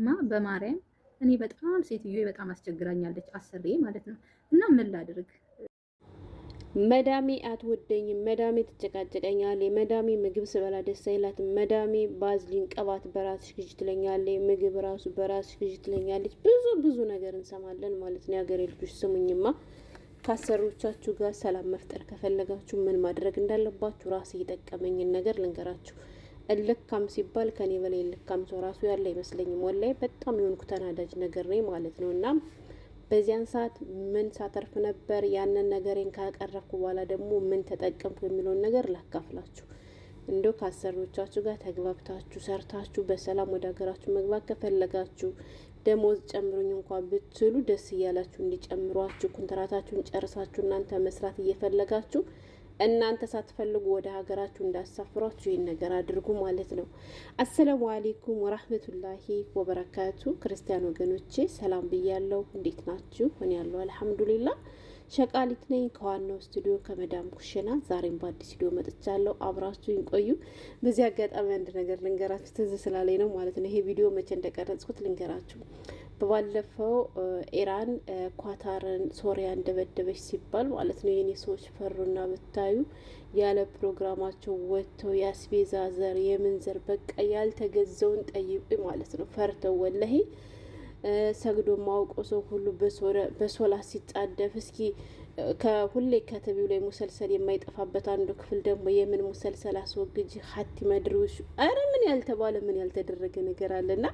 እና በማርያም እኔ በጣም ሴትዮ በጣም አስቸግራኛለች፣ አሰሬ ማለት ነው። እና ምን ላድርግ? መዳሜ አትወደኝም፣ መዳሜ ትጨቃጨቀኛለች፣ መዳሜ ምግብ ስበላ ደስ አይላትም፣ መዳሜ ባዝሊን ቅባት በራስሽ ግዢ ትለኛለች፣ ምግብ ራሱ በራስሽ ግዢ ትለኛለች። ብዙ ብዙ ነገር እንሰማለን ማለት ነው። የሀገሬ ልጆች ስሙኝማ ከአሰሪዎቻችሁ ጋር ሰላም መፍጠር ከፈለጋችሁ ምን ማድረግ እንዳለባችሁ ራሴ የጠቀመኝን ነገር ልንገራችሁ። እልካም ሲባል ከኔ በላይ እልካም ሰው ራሱ ያለ አይመስለኝም። ወላይ በጣም የሆንኩ ተናዳጅ ነገር ነኝ ማለት ነው። እና በዚያን ሰዓት ምን ሳተርፍ ነበር ያንን ነገሬን ካቀረብኩ በኋላ ደግሞ ምን ተጠቀምኩ የሚለውን ነገር ላካፍላችሁ። እንደው ከአሰሪዎቻችሁ ጋር ተግባብታችሁ ሰርታችሁ በሰላም ወደ ሀገራችሁ መግባት ከፈለጋችሁ ደሞዝ ጨምሩኝ እንኳ ብትሉ ደስ እያላችሁ እንዲጨምሯችሁ ኩንትራታችሁን ጨርሳችሁ እናንተ መስራት እየፈለጋችሁ እናንተ ሳትፈልጉ ወደ ሀገራችሁ እንዳሳፍሯችሁ ይህን ነገር አድርጉ ማለት ነው። አሰላሙ አሌይኩም ወራህመቱላሂ ወበረካቱ። ክርስቲያን ወገኖቼ ሰላም ብያለው። እንዴት ናችሁ? ሆን ያለው አልሐምዱሊላ። ሸቃሊት ነኝ ከዋናው ስቱዲዮ ከመዳም ኩሽና። ዛሬም በአዲስ ስቱዲዮ መጥቻለሁ። አብራችሁ ቆዩ። በዚህ አጋጣሚ አንድ ነገር ልንገራችሁ፣ ትዝ ስላለኝ ነው ማለት ነው። ይሄ ቪዲዮ መቼ እንደቀረጽኩት ልንገራችሁ በባለፈው ኢራን ኳታርን፣ ሶሪያ እንደበደበች ሲባል ማለት ነው የኔ ሰዎች ፈሩና ብታዩ ያለ ፕሮግራማቸው ወጥተው የአስቤዛ ዘር የምን ዘር በቃ ያልተገዘውን ጠይቁ ማለት ነው ፈርተው ወላሄ ሰግዶ ማውቀው ሰው ሁሉ በሶላ ሲጣደፍ እስኪ ከሁሌ ከተቢው ላይ ሙሰልሰል የማይጠፋበት አንዱ ክፍል ደግሞ የምን ሙሰልሰል አስወግጅ ሀቲ መድሪዎች አረ ምን ያልተባለ ምን ያልተደረገ ነገር አለና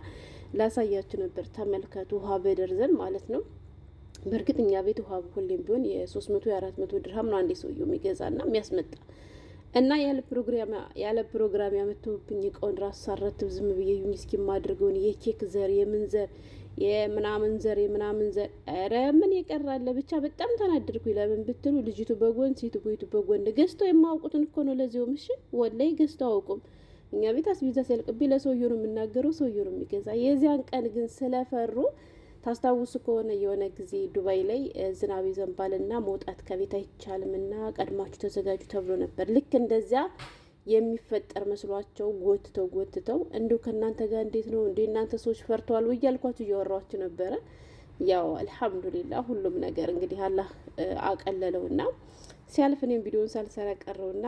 ላሳያችሁ ነበር። ተመልከቱ። ውሃ በደርዘን ማለት ነው። በእርግጥ እኛ ቤት ውሃ ሁሌም ቢሆን የሶስት መቶ የአራት መቶ ድርሃም ነው አንዴ ሰውየው የሚገዛና የሚያስመጣ እና ያለ ፕሮግራም ያለ ፕሮግራም ያመጡብኝ እቃውን ራስ ዝም ብዬ ዩኝ እስኪ የማድርገውን የኬክ ዘር የምን ዘር የምናምን ዘር የምናምን ዘር ኧረ ምን የቀራለ ብቻ በጣም ተናደድኩ። ለምን ብትሉ ልጅቱ በጎን ሴቱ ጎይቱ በጎን ገዝቶ የማውቁትን እኮ ነው። ለዚሁ ምሽ ወላይ ገዝቶ አውቁም። እኛ ቤት አስቤዛ ሲያልቅብኝ ለሰውየ ነው የምናገረው፣ ሰውየ ነው የሚገዛ። የዚያን ቀን ግን ስለፈሩ ታስታውሱ ከሆነ የሆነ ጊዜ ዱባይ ላይ ዝናብ ይዘንባልና መውጣት ከቤት አይቻልምና ቀድማችሁ ተዘጋጁ ተብሎ ነበር። ልክ እንደዚያ የሚፈጠር መስሏቸው ጎትተው ጎትተው እንዲሁ ከእናንተ ጋር እንዴት ነው እንዲ እናንተ ሰዎች ፈርተዋል ወይ እያልኳችሁ እያወራችሁ ነበረ። ያው አልሐምዱሊላ ሁሉም ነገር እንግዲህ አላህ አቀለለውና ሲያልፍ እኔም ቪዲዮን ሳልሰራ ቀረውና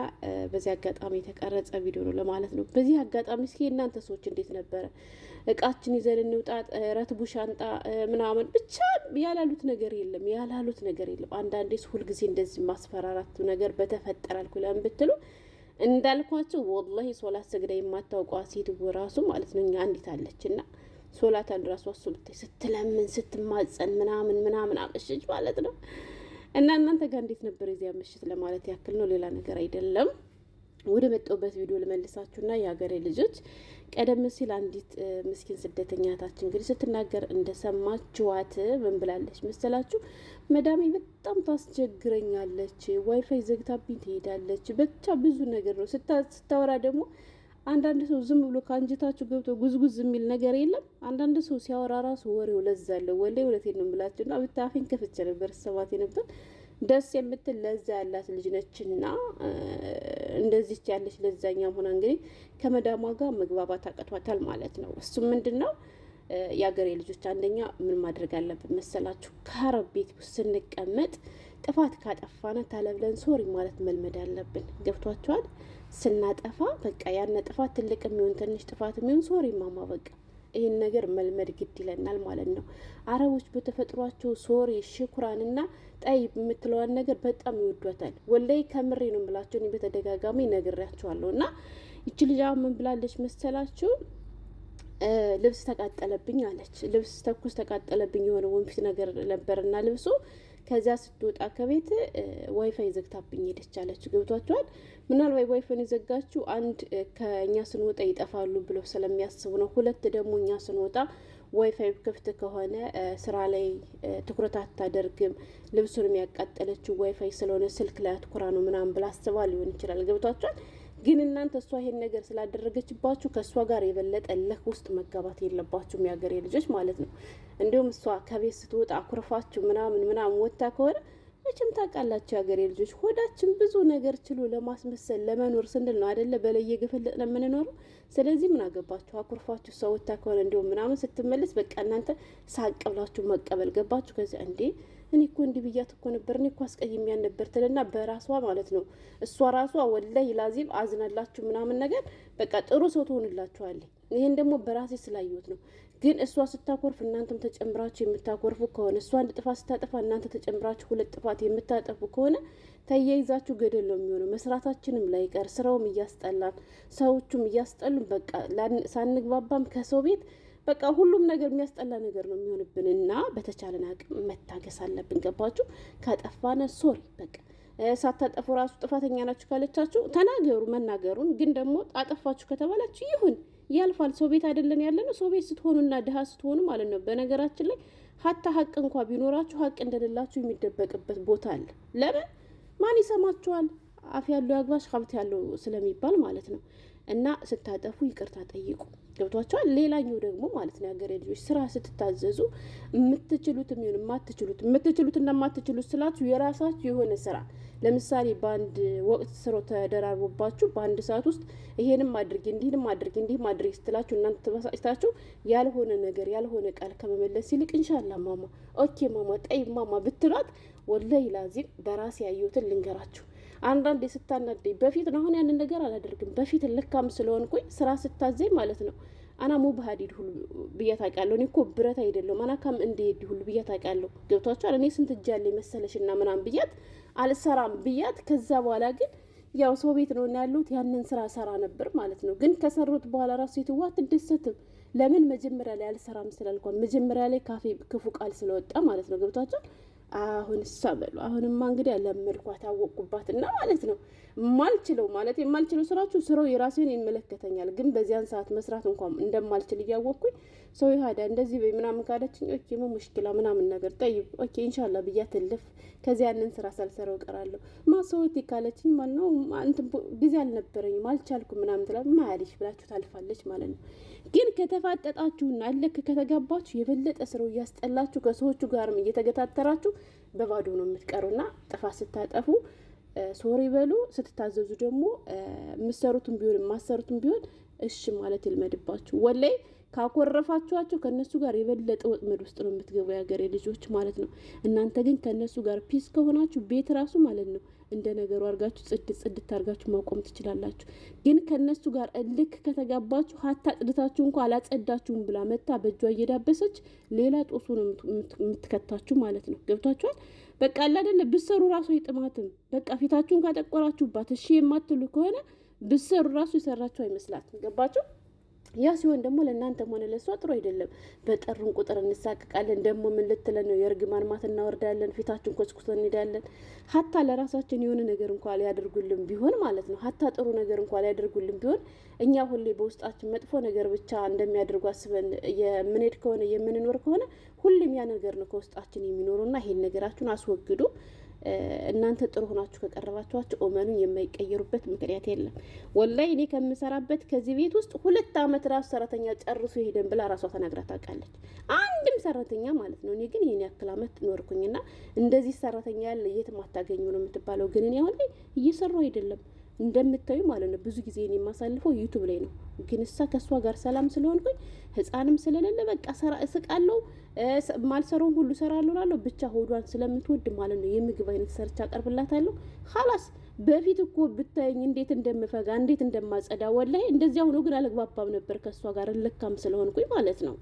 በዚህ አጋጣሚ የተቀረጸ ቪዲዮ ነው ለማለት ነው። በዚህ አጋጣሚ እስኪ እናንተ ሰዎች እንዴት ነበረ? እቃችን ይዘን እንውጣ፣ ረትቡ ሻንጣ ምናምን ብቻ ያላሉት ነገር የለም፣ ያላሉት ነገር የለም። አንዳንዴስ ሁልጊዜ እንደዚህ ማስፈራራቱ ነገር በተፈጠረ አልኩ ለምን ብትሉ እንዳልኳቸው ወላሂ ሶላት ሰግዳ የማታውቀዋ ሴት ራሱ ማለት ነው እኛ አንዲት አለች እና አንድ ራሱ አሶልታ ስትለምን ስትማጸን ምናምን ምናምን አመሸች ማለት ነው እና እናንተ ጋር እንዴት ነበር የዚያ ምሽት ለማለት ያክል ነው። ሌላ ነገር አይደለም። ወደ መጣሁበት ቪዲዮ ልመልሳችሁና የሀገሬ ልጆች፣ ቀደም ሲል አንዲት ምስኪን ስደተኛታችን እህታችን እንግዲህ ስትናገር እንደሰማችኋት ምን ብላለች መሰላችሁ? መዳሜ በጣም ታስቸግረኛለች፣ ዋይፋይ ዘግታብኝ ትሄዳለች፣ ብቻ ብዙ ነገር ነው ስታወራ ደግሞ አንዳንድ ሰው ዝም ብሎ ከአንጀታችሁ ገብቶ ጉዝጉዝ የሚል ነገር የለም። አንዳንድ ሰው ሲያወራ ራሱ ወሬው ለዛ አለው። ወላሂ እውነቴን ነው የምላችሁና ብታፌን ከፍቼ ነበር ሰባት ነበር። ደስ የምትል ለዛ ያላት ልጅ ነችና እንደዚች ያለች ለዛኛም ሆና እንግዲህ ከመዳሟ ጋር መግባባት አቅቷታል ማለት ነው። እሱም ምንድን ነው የአገሬ ልጆች አንደኛ ምን ማድረግ አለብን መሰላችሁ? ከአረብ ቤት ውስጥ ስንቀመጥ ጥፋት ካጠፋነ ታለ ሶሪ ማለት መልመድ አለብን። ገብቷቸዋል። ስናጠፋ በቃ ያነ ጥፋት ትልቅ የሚሆን ትንሽ ጥፋት የሚሆን ሶሪ ማማ በቃ ይህን ነገር መልመድ ግድ ይለናል ማለት ነው። አረቦች በተፈጥሯቸው ሶሪ ሽኩራንና ጠይ የምትለዋን ነገር በጣም ይወዷታል። ወላይ ከምሬ ነው ብላቸው በተደጋጋሚ ነግሬያቸዋለሁ። እና ይቺ ልጅ ምን ብላለች መሰላችሁ? ልብስ ተቃጠለብኝ አለች። ልብስ ተኩስ ተቃጠለብኝ የሆነ ወንፊት ነገር ነበርና ልብሱ ከዚያ ስትወጣ ከቤት ዋይፋይ ዘግታብኝ ሄደች አለች። ገብቷችኋል? ምናልባት ዋይፋይን የዘጋችው አንድ ከእኛ ስንወጣ ይጠፋሉ ብለው ስለሚያስቡ ነው። ሁለት ደግሞ እኛ ስንወጣ ዋይፋይ ክፍት ከሆነ ስራ ላይ ትኩረት አታደርግም። ልብሱን የሚያቃጠለችው ዋይፋይ ስለሆነ ስልክ ላይ አትኩራ ነው ምናምን ብላ አስባ ሊሆን ይችላል። ገብቷቸዋል። ግን እናንተ እሷ ይሄን ነገር ስላደረገችባችሁ ከእሷ ጋር የበለጠ ለህ ውስጥ መጋባት የለባችሁም፣ የሀገሬ ልጆች ማለት ነው። እንዲሁም እሷ ከቤት ስትወጣ አኩርፋችሁ ምናምን ምናምን ወጥታ ከሆነ መቼም ታውቃላችሁ፣ የሀገሬ ልጆች ሆዳችን ብዙ ነገር ችሎ ለማስመሰል ለመኖር ስንል ነው አደለ? በለየ ግፍልጥ ነው ስለዚህ ምን አገባችሁ አኩርፋችሁ ሰው ወጥታ ከሆነ እንዲሁም ምናምን ስትመለስ በቃ እናንተ ሳቅ ብላችሁ መቀበል ገባችሁ። ከዚያ እንዴ እኔ እኮ እንዲህ ብያት እኮ ነበር፣ እኔ እኮ አስቀይሜያን ነበር ትልና በራሷ ማለት ነው እሷ ራሷ ወላይ ላዚም አዝናላችሁ ምናምን ነገር በቃ ጥሩ ሰው ትሆንላችኋለች። ይህን ደግሞ በራሴ ስላየሁት ነው። ግን እሷ ስታኮርፍ እናንተም ተጨምራችሁ የምታኮርፉ ከሆነ እሷ አንድ ጥፋት ስታጠፋ እናንተ ተጨምራችሁ ሁለት ጥፋት የምታጠፉ ከሆነ ተያይዛችሁ ገደል ነው የሚሆነው። መስራታችንም ላይቀር ስራውም እያስጠላን ሰዎቹም እያስጠሉን በቃ ሳንግባባም ከሰው ቤት በቃ ሁሉም ነገር የሚያስጠላ ነገር ነው የሚሆንብን እና በተቻለን አቅም መታገስ አለብን። ገባችሁ? ከጠፋነ ሶሪ በቃ ሳታጠፉ ራሱ ጥፋተኛ ናችሁ ካለቻችሁ ተናገሩ። መናገሩን ግን ደግሞ አጠፋችሁ ከተባላችሁ ይሁን ያልፋል። ሰው ቤት አይደለን ያለ ነው። ሰው ቤት ስትሆኑና ድሃ ስትሆኑ ማለት ነው። በነገራችን ላይ ሀታ ሀቅ እንኳ ቢኖራችሁ ሀቅ እንደሌላችሁ የሚደበቅበት ቦታ አለ። ለምን ማን ይሰማችኋል? አፍ ያለው ያግባሽ ሀብት ያለው ስለሚባል ማለት ነው። እና ስታጠፉ ይቅርታ ጠይቁ። ገብቷቸዋል። ሌላኛው ደግሞ ማለት ነው የሀገሬ ልጆች ስራ ስትታዘዙ የምትችሉት የሚሆን የማትችሉት የምትችሉት እና የማትችሉት ስላችሁ የራሳችሁ የሆነ ስራ ለምሳሌ በአንድ ወቅት ስሮ ተደራርቦባችሁ በአንድ ሰዓት ውስጥ ይሄንም አድርግ እንዲህንም አድርግ እንዲህም አድርጊ ስትላችሁ እናንተ ተበሳጭታችሁ ያልሆነ ነገር ያልሆነ ቃል ከመመለስ ይልቅ እንሻላ ማማ ኦኬ ማማ ጠይ ማማ ብትሏት ወላሂ ላዚም በራሴ ያየሁትን ልንገራችሁ አንዳንዴ ስታናደኝ በፊት ነው። አሁን ያንን ነገር አላደርግም። በፊት ልካም ስለሆንኩኝ ስራ ስታዘኝ ማለት ነው አና ሙ ባህዲድ ሁሉ ብያ ታውቃለሁ። እኔ እኮ ብረት አይደለሁም። አናካም እንዲሄድ ሁሉ ብዬ ታውቃለሁ። ገብቷቸዋል። እኔ ስንት እጅ መሰለሽ እና ምናም ብያት አልሰራም ብያት። ከዛ በኋላ ግን ያው ሰው ቤት ነው ያሉት ያንን ስራ ሰራ ነበር ማለት ነው። ግን ከሰሩት በኋላ ራሱ ሴትዋ አትደሰትም። ለምን መጀመሪያ ላይ አልሰራም ስላልኳት፣ መጀመሪያ ላይ ካፌ ክፉ ቃል ስለወጣ ማለት ነው። ገብቷቸዋል አሁን እሷ በሉ አሁንማ እንግዲህ ለመድኳት እና ማለት ነው። ማልችለው ማለት የማልችለው ስራችሁ ስራው የራሴን ይመለከተኛል፣ ግን በዚያን ሰዓት መስራት እንኳን እንደማልችል እያወቅኩኝ ሰው ይሄዳ እንደዚህ በይ ምናምን ካለችኝ ኦኬ ምን ሙሽኪላ ምናምን ነገር ጠይብ ኦኬ ኢንሻላ ብያ ትልፍ ከዚያ ያንን ስራ ሳልሰራው እቀራለሁ። ማሰወት ካለችኝ ማለት ነው እንትን ጊዜ አልነበረኝም አልቻልኩም ምናምን ትላ ማያሪሽ ብላችሁ ታልፋለች ማለት ነው። ግን ከተፋጠጣችሁና አለክ ከተጋባችሁ የበለጠ ስራው እያስጠላችሁ ከሰዎቹ ጋርም እየተገታተራችሁ በባዶ ነው የምትቀሩና ጥፋት ስታጠፉ ሶሪ በሉ። ስትታዘዙ ደግሞ የምሰሩትም ቢሆን የማሰሩትም ቢሆን እሺ ማለት ይልመድባችሁ ወላይ ካኮረፋችኋቸው ከእነሱ ጋር የበለጠ ወጥመድ ውስጥ ነው የምትገቡ የሀገሬ ልጆች ማለት ነው። እናንተ ግን ከእነሱ ጋር ፒስ ከሆናችሁ ቤት ራሱ ማለት ነው እንደ ነገሩ አድርጋችሁ ጽድ ጽድ አድርጋችሁ ማቆም ትችላላችሁ። ግን ከእነሱ ጋር እልክ ከተጋባችሁ ሀታ ጽድታችሁ እንኳ አላጸዳችሁም ብላ መታ በእጇ እየዳበሰች ሌላ ጦሱ ነው የምትከታችሁ ማለት ነው። ገብቷችኋል? በቃ አላደለ ብሰሩ ራሱ አይጥማትም። በቃ ፊታችሁን ካጠቆራችሁባት እሺ የማትሉ ከሆነ ብሰሩ ራሱ የሰራችሁ አይመስላትም። ገባችሁ? ያ ሲሆን ደግሞ ለእናንተም ሆነ ለእሷ ጥሩ አይደለም። በጠሩን ቁጥር እንሳቅቃለን። ደግሞ ምን ልትለን ነው? የእርግማን ማት እናወርዳለን፣ ፊታችን ኮስኩሰ እንሄዳለን። ሀታ ለራሳችን የሆነ ነገር እንኳ ሊያደርጉልን ቢሆን ማለት ነው፣ ሀታ ጥሩ ነገር እንኳ ሊያደርጉልን ቢሆን እኛ ሁሌ በውስጣችን መጥፎ ነገር ብቻ እንደሚያደርጉ አስበን የምንሄድ ከሆነ የምንኖር ከሆነ ሁሌም ያ ነገር ነው ከውስጣችን የሚኖሩና ይሄን ነገራችሁን አስወግዱ። እናንተ ጥሩ ሆናችሁ ከቀረባችኋቸው እመኑን የማይቀየሩበት ምክንያት የለም። ወላይ እኔ ከምሰራበት ከዚህ ቤት ውስጥ ሁለት ዓመት ራሱ ሰራተኛ ጨርሶ ሄደን ብላ ራሷ ተናግራ ታውቃለች። አንድም ሰራተኛ ማለት ነው። እኔ ግን ይህን ያክል ዓመት ኖርኩኝና እንደዚህ ሰራተኛ ያለ የትም አታገኙ ነው የምትባለው። ግን እኔ አሁን ላይ እየሰሩ አይደለም እንደምታዩ ማለት ነው። ብዙ ጊዜ የማሳልፈው ዩቱብ ላይ ነው። ግን እሳ ከእሷ ጋር ሰላም ስለሆንኩኝ ህፃንም ስለሌለ በቃ እስቃለሁ፣ ማልሰራውን ሁሉ እሰራለሁ እላለሁ። ብቻ ሆዷን ስለምትወድ ማለት ነው የምግብ አይነት ሰርቻ አቀርብላታለሁ። ሀላስ በፊት እኮ ብታየኝ እንዴት እንደምፈጋ እንዴት እንደማጸዳ ወላይ እንደዚያ ሆኖ ግን አልግባባም ነበር ከእሷ ጋር ልካም ስለሆንኩኝ ማለት ነው።